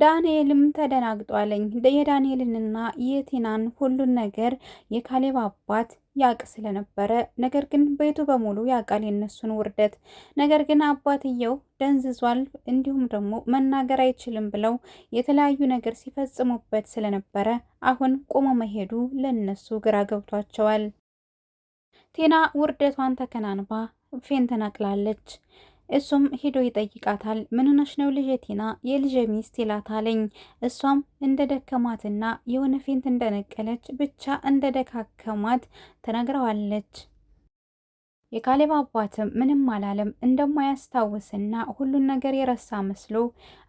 ዳንኤልም ተደናግጧለኝ። የዳንኤልንና የቲናን ሁሉን ነገር የካሌብ አባት ያቅ ስለነበረ ነገር ግን ቤቱ በሙሉ ያውቃል የነሱን ውርደት። ነገር ግን አባትየው ደንዝዟል፣ እንዲሁም ደግሞ መናገር አይችልም ብለው የተለያዩ ነገር ሲፈጽሙበት ስለነበረ አሁን ቆሞ መሄዱ ለነሱ ግራ ገብቷቸዋል። ቲና ውርደቷን ተከናንባ ፌን ተናቅላለች። እሱም ሄዶ ይጠይቃታል። ምንነሽ ነው ልጀቲና ቲና የልጄ ሚስት ይላታለኝ። እሷም እንደ ደከማትና የሆነ ፌንት እንደነቀለች ብቻ እንደ ደካከማት ተነግረዋለች። የካሌብ አባትም ምንም አላለም እንደማያስታውስና ሁሉን ነገር የረሳ መስሎ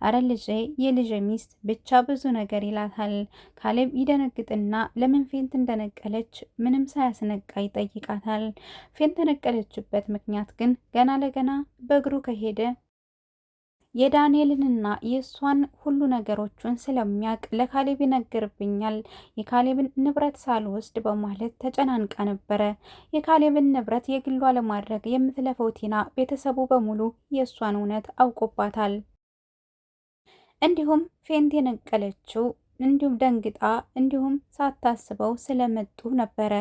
አረ ልጄ የልጅ ሚስት ብቻ ብዙ ነገር ይላታል። ካሌብ ይደነግጥና ለምን ፌንት እንደነቀለች ምንም ሳያስነቃ ይጠይቃታል። ፌንት ተነቀለችበት ምክንያት ግን ገና ለገና በእግሩ ከሄደ የዳንኤልንና የእሷን ሁሉ ነገሮቹን ስለሚያውቅ ለካሌብ ይነግርብኛል፣ የካሌብን ንብረት ሳልወስድ በማለት ተጨናንቃ ነበረ። የካሌብን ንብረት የግሏ ለማድረግ የምትለፈው ቲና ቤተሰቡ በሙሉ የእሷን እውነት አውቆባታል። እንዲሁም ፌንት የነቀለችው እንዲሁም ደንግጣ እንዲሁም ሳታስበው ስለመጡ ነበረ።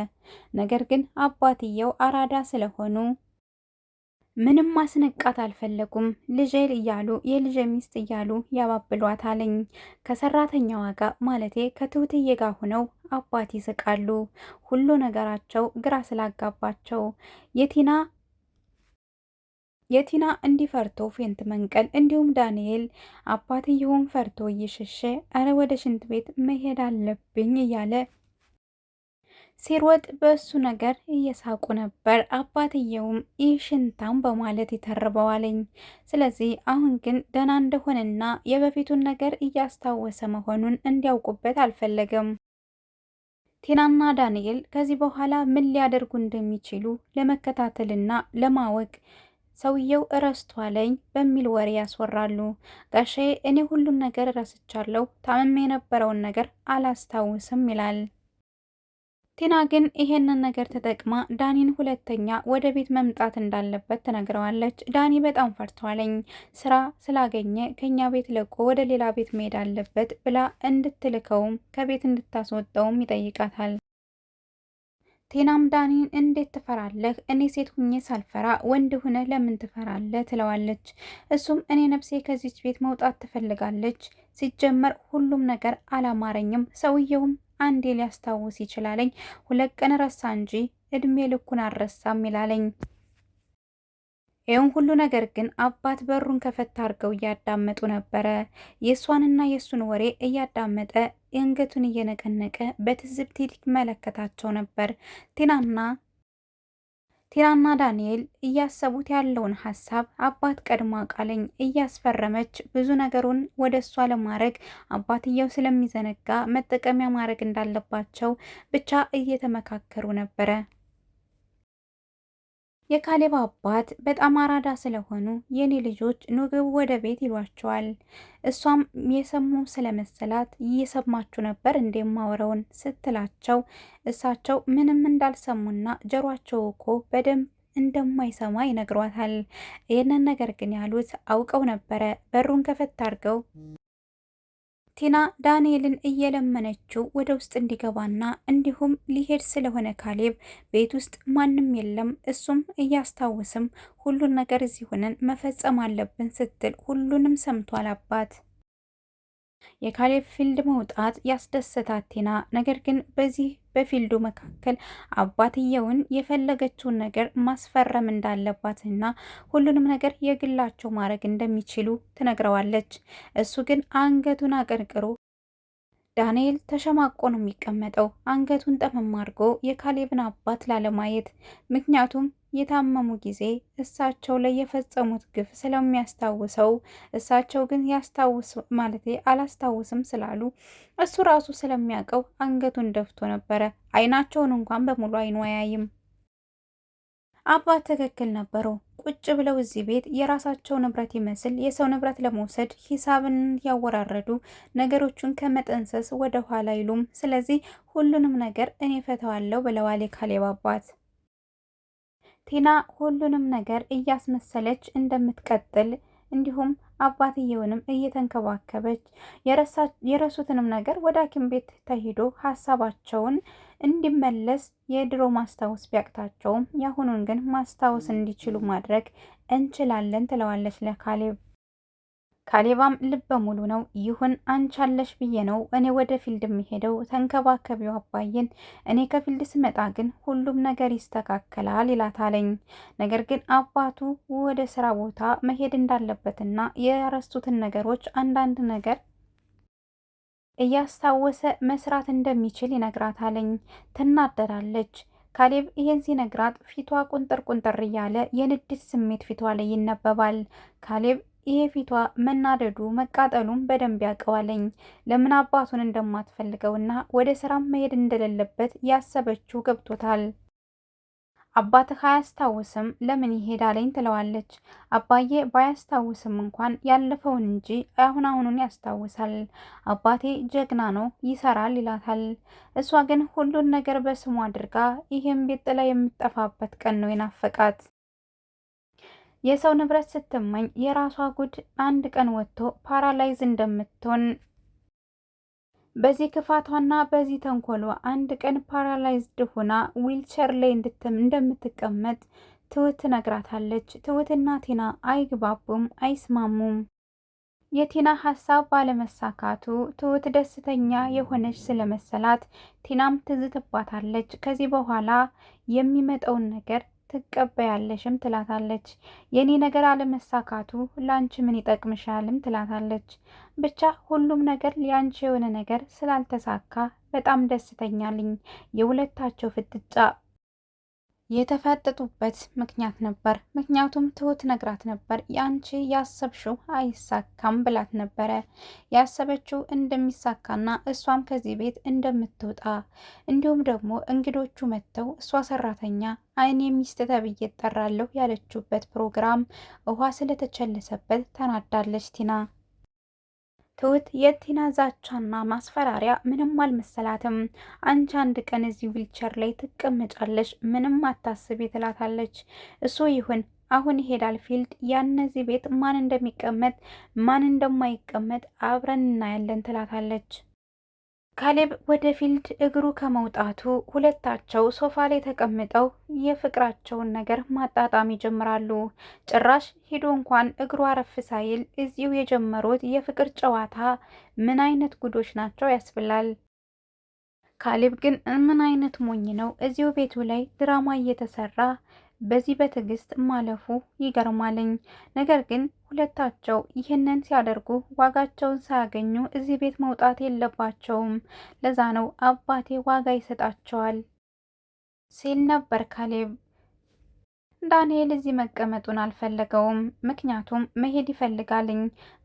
ነገር ግን አባትየው አራዳ ስለሆኑ ምንም ማስነቃት አልፈለጉም። ልጄ እያሉ የልጄ ሚስት እያሉ ያባብሏት አለኝ። ከሰራተኛዋ ጋር ማለቴ ከትውትዬ ጋር ሆነው አባት ይስቃሉ። ሁሉ ነገራቸው ግራ ስላጋባቸው የቲና የቲና እንዲፈርቶ ፌንት መንቀል እንዲሁም ዳንኤል አባትየውን ፈርቶ እየሸሸ እረ ወደ ሽንት ቤት መሄድ አለብኝ እያለ ሲሮጥ በእሱ ነገር እየሳቁ ነበር። አባትየውም ይህ ሽንታም በማለት ይተርበዋለኝ። ስለዚህ አሁን ግን ደህና እንደሆነና የበፊቱን ነገር እያስታወሰ መሆኑን እንዲያውቁበት አልፈለገም። ቴናና ዳንኤል ከዚህ በኋላ ምን ሊያደርጉ እንደሚችሉ ለመከታተልና ለማወቅ ሰውየው እረስቷለኝ በሚል ወሬ ያስወራሉ። ጋሼ እኔ ሁሉን ነገር እረስቻለሁ፣ ታምሜ የነበረውን ነገር አላስታውስም ይላል። ቲና ግን ይሄንን ነገር ተጠቅማ ዳኒን ሁለተኛ ወደ ቤት መምጣት እንዳለበት ትነግረዋለች። ዳኒ በጣም ፈርቷለኝ ስራ ስላገኘ ከኛ ቤት ለቆ ወደ ሌላ ቤት መሄድ አለበት ብላ እንድትልከውም ከቤት እንድታስወጣውም ይጠይቃታል። ቴናም ዳኒን እንዴት ትፈራለህ? እኔ ሴት ሁኜ ሳልፈራ ወንድ ሆነ ለምን ትፈራለህ? ትለዋለች። እሱም እኔ ነፍሴ ከዚች ቤት መውጣት ትፈልጋለች። ሲጀመር ሁሉም ነገር አላማረኝም፣ ሰውየውም አንዴ ሊያስታውስ ይችላለኝ። ሁለት ቀን ረሳ እንጂ እድሜ ልኩን አልረሳም ይላለኝ። ይህን ሁሉ ነገር ግን አባት በሩን ከፈታ አድርገው እያዳመጡ ነበረ። የእሷንና የእሱን ወሬ እያዳመጠ አንገቱን እየነቀነቀ በትዝብት ይመለከታቸው ነበር ቲናና ቲናና ዳንኤል እያሰቡት ያለውን ሀሳብ አባት ቀድሞ አቃለኝ እያስፈረመች ብዙ ነገሩን ወደ እሷ ለማድረግ አባትየው ስለሚዘነጋ መጠቀሚያ ማድረግ እንዳለባቸው ብቻ እየተመካከሩ ነበረ። የካሌብ አባት በጣም አራዳ ስለሆኑ የኔ ልጆች ኑግቡ ወደ ቤት ይሏቸዋል። እሷም የሰሙ ስለመሰላት እየሰማችሁ ነበር እንደማወረውን ስትላቸው እሳቸው ምንም እንዳልሰሙና ጀሯቸው እኮ በደንብ እንደማይሰማ ይነግሯታል። ይህንን ነገር ግን ያሉት አውቀው ነበረ። በሩን ከፈት አድርገው ቲና ዳንኤልን እየለመነችው ወደ ውስጥ እንዲገባና እንዲሁም ሊሄድ ስለሆነ ካሌብ ቤት ውስጥ ማንም የለም፣ እሱም እያስታወስም ሁሉን ነገር እዚህ ሆነን መፈጸም አለብን ስትል ሁሉንም ሰምቷል አባት የካሌብ ፊልድ መውጣት ያስደሰታት ቲና ነገር ግን በዚህ በፊልዱ መካከል አባትየውን የፈለገችውን ነገር ማስፈረም እንዳለባትና ሁሉንም ነገር የግላቸው ማድረግ እንደሚችሉ ትነግረዋለች። እሱ ግን አንገቱን አቀርቅሮ ዳንኤል ተሸማቆ ነው የሚቀመጠው፣ አንገቱን ጠመም አድርጎ የካሌብን አባት ላለማየት ምክንያቱም የታመሙ ጊዜ እሳቸው ላይ የፈጸሙት ግፍ ስለሚያስታውሰው እሳቸው ግን ያስታውስ ማለቴ አላስታውስም ስላሉ እሱ ራሱ ስለሚያውቀው አንገቱን ደፍቶ ነበረ። አይናቸውን እንኳን በሙሉ አይኑ አያይም። አባት ትክክል ነበረው። ቁጭ ብለው እዚህ ቤት የራሳቸው ንብረት ይመስል የሰው ንብረት ለመውሰድ ሂሳብን ያወራረዱ፣ ነገሮቹን ከመጠንሰስ ወደ ኋላ አይሉም። ስለዚህ ሁሉንም ነገር እኔ ፈተዋለሁ ብለዋል የካሌብ አባት። ቲና ሁሉንም ነገር እያስመሰለች እንደምትቀጥል እንዲሁም አባትየውንም እየተንከባከበች የረሱትንም ነገር ወደ ሐኪም ቤት ተሂዶ ሀሳባቸውን እንዲመለስ የድሮ ማስታወስ ቢያቅታቸውም የአሁኑን ግን ማስታወስ እንዲችሉ ማድረግ እንችላለን ትለዋለች ለካሌብ። ካሌባም ልበ ሙሉ ነው። ይሁን አንቻለሽ ብዬ ነው እኔ ወደ ፊልድ የሚሄደው ተንከባከቢው አባዬን፣ እኔ ከፊልድ ስመጣ ግን ሁሉም ነገር ይስተካከላል ይላታለኝ። ነገር ግን አባቱ ወደ ስራ ቦታ መሄድ እንዳለበትና የረሱትን ነገሮች አንዳንድ ነገር እያስታወሰ መስራት እንደሚችል ይነግራታለኝ። ትናደራለች። ካሌብ ይህን ሲነግራት ፊቷ ቁንጥር ቁንጥር እያለ የንድስ ስሜት ፊቷ ላይ ይነበባል። ካሌብ ይሄ ፊቷ መናደዱ መቃጠሉም በደንብ ያውቀዋለኝ። ለምን አባቱን እንደማትፈልገውና ወደ ስራም መሄድ እንደሌለበት ያሰበችው ገብቶታል። አባትህ አያስታውስም ለምን ይሄዳለኝ ትለዋለች። አባዬ ባያስታውስም እንኳን ያለፈውን እንጂ አሁን አሁኑን ያስታውሳል። አባቴ ጀግና ነው ይሰራል ይላታል። እሷ ግን ሁሉን ነገር በስሙ አድርጋ ይህም ቤት ጥላ የምትጠፋበት ቀን ነው የናፈቃት። የሰው ንብረት ስትመኝ የራሷ ጉድ አንድ ቀን ወጥቶ ፓራላይዝ እንደምትሆን በዚህ ክፋቷና በዚህ ተንኮሏ አንድ ቀን ፓራላይዝድ ሆና ዊልቸር ላይ እንደምትቀመጥ ትሁት ትነግራታለች። ትሁትና ቲና አይግባቡም፣ አይስማሙም። የቲና ሀሳብ ባለመሳካቱ ትሁት ደስተኛ የሆነች ስለመሰላት ቲናም ትዝ ትባታለች። ከዚህ በኋላ የሚመጣውን ነገር ትቀበያለሽም ትላታለች። የኔ ነገር አለመሳካቱ ላንቺ ምን ይጠቅምሻልም ትላታለች። ብቻ ሁሉም ነገር ያንቺ የሆነ ነገር ስላልተሳካ በጣም ደስተኛልኝ የሁለታቸው ፍጥጫ የተፋጠጡበት ምክንያት ነበር። ምክንያቱም ትሁት ነግራት ነበር፣ ያንቺ ያሰብሽው አይሳካም ብላት ነበረ። ያሰበችው እንደሚሳካና እሷም ከዚህ ቤት እንደምትወጣ እንዲሁም ደግሞ እንግዶቹ መጥተው እሷ ሰራተኛ አይን ሚስት ተብዬ እጠራለሁ ያለችበት ፕሮግራም ውሃ ስለተቸለሰበት ተናዳለች ቲና ትሁት የቲና ዛቻና ማስፈራሪያ ምንም አልመሰላትም። አንቺ አንድ ቀን እዚህ ዊልቸር ላይ ትቀመጫለሽ፣ ምንም አታስቢ ትላታለች። እሱ ይሁን አሁን ይሄዳል ፊልድ ያነዚህ ቤት ማን እንደሚቀመጥ ማን እንደማይቀመጥ አብረን እናያለን ትላታለች። ካሌብ ወደ ፊልድ እግሩ ከመውጣቱ ሁለታቸው ሶፋ ላይ ተቀምጠው የፍቅራቸውን ነገር ማጣጣም ይጀምራሉ። ጭራሽ ሂዶ እንኳን እግሩ አረፍ ሳይል እዚሁ የጀመሩት የፍቅር ጨዋታ ምን አይነት ጉዶች ናቸው ያስብላል። ካሌብ ግን ምን አይነት ሞኝ ነው እዚሁ ቤቱ ላይ ድራማ እየተሰራ በዚህ በትዕግስት ማለፉ ይገርማልኝ። ነገር ግን ሁለታቸው ይህንን ሲያደርጉ ዋጋቸውን ሳያገኙ እዚህ ቤት መውጣት የለባቸውም። ለዛ ነው አባቴ ዋጋ ይሰጣቸዋል ሲል ነበር ካሌብ። ዳንኤል እዚህ መቀመጡን አልፈለገውም። ምክንያቱም መሄድ ይፈልጋልኝ።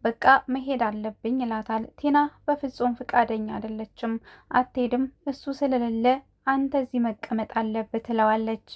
በቃ መሄድ አለብኝ ይላታል። ቲና በፍጹም ፍቃደኛ አይደለችም። አትሄድም፣ እሱ ስለሌለ አንተ እዚህ መቀመጥ አለብህ ትለዋለች።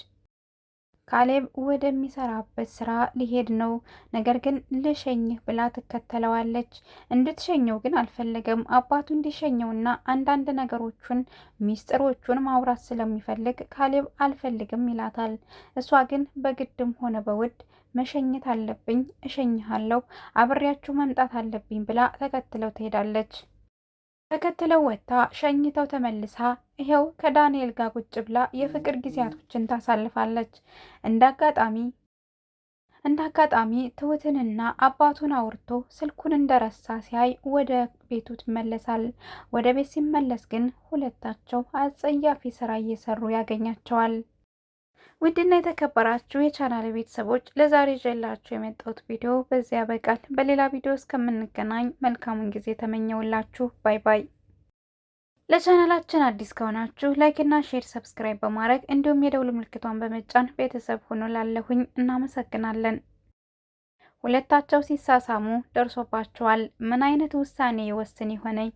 ካሌብ ወደሚሰራበት ስራ ሊሄድ ነው። ነገር ግን ልሸኝህ ብላ ትከተለዋለች። እንድትሸኘው ግን አልፈለገም። አባቱ እንዲሸኘውና አንዳንድ ነገሮቹን ሚስጥሮቹን ማውራት ስለሚፈልግ ካሌብ አልፈልግም ይላታል። እሷ ግን በግድም ሆነ በውድ መሸኘት አለብኝ፣ እሸኝሃለሁ፣ አብሬያችሁ መምጣት አለብኝ ብላ ተከትለው ትሄዳለች። ተከትለው ወጥታ ሸኝተው ተመልሳ ይኸው ከዳንኤል ጋር ቁጭ ብላ የፍቅር ጊዜያቶችን ታሳልፋለች። እንዳጋጣሚ እንዳጋጣሚ ትሁትንና አባቱን አውርቶ ስልኩን እንደረሳ ሲያይ ወደ ቤቱ ይመለሳል። ወደ ቤት ሲመለስ ግን ሁለታቸው አጸያፊ ስራ እየሰሩ ያገኛቸዋል። ውድና የተከበራችሁ የቻናል ቤተሰቦች ለዛሬ ይዤላችሁ የመጣሁት ቪዲዮ በዚህ ያበቃል። በሌላ ቪዲዮ እስከምንገናኝ መልካሙን ጊዜ ተመኘውላችሁ። ባይ ባይ። ለቻናላችን አዲስ ከሆናችሁ ላይክና ሼር፣ ሰብስክራይብ በማድረግ እንዲሁም የደውል ምልክቷን በመጫን ቤተሰብ ሆኖ ላለሁኝ እናመሰግናለን። ሁለታቸው ሲሳሳሙ ደርሶባቸዋል። ምን አይነት ውሳኔ ይወስን ይሆነኝ?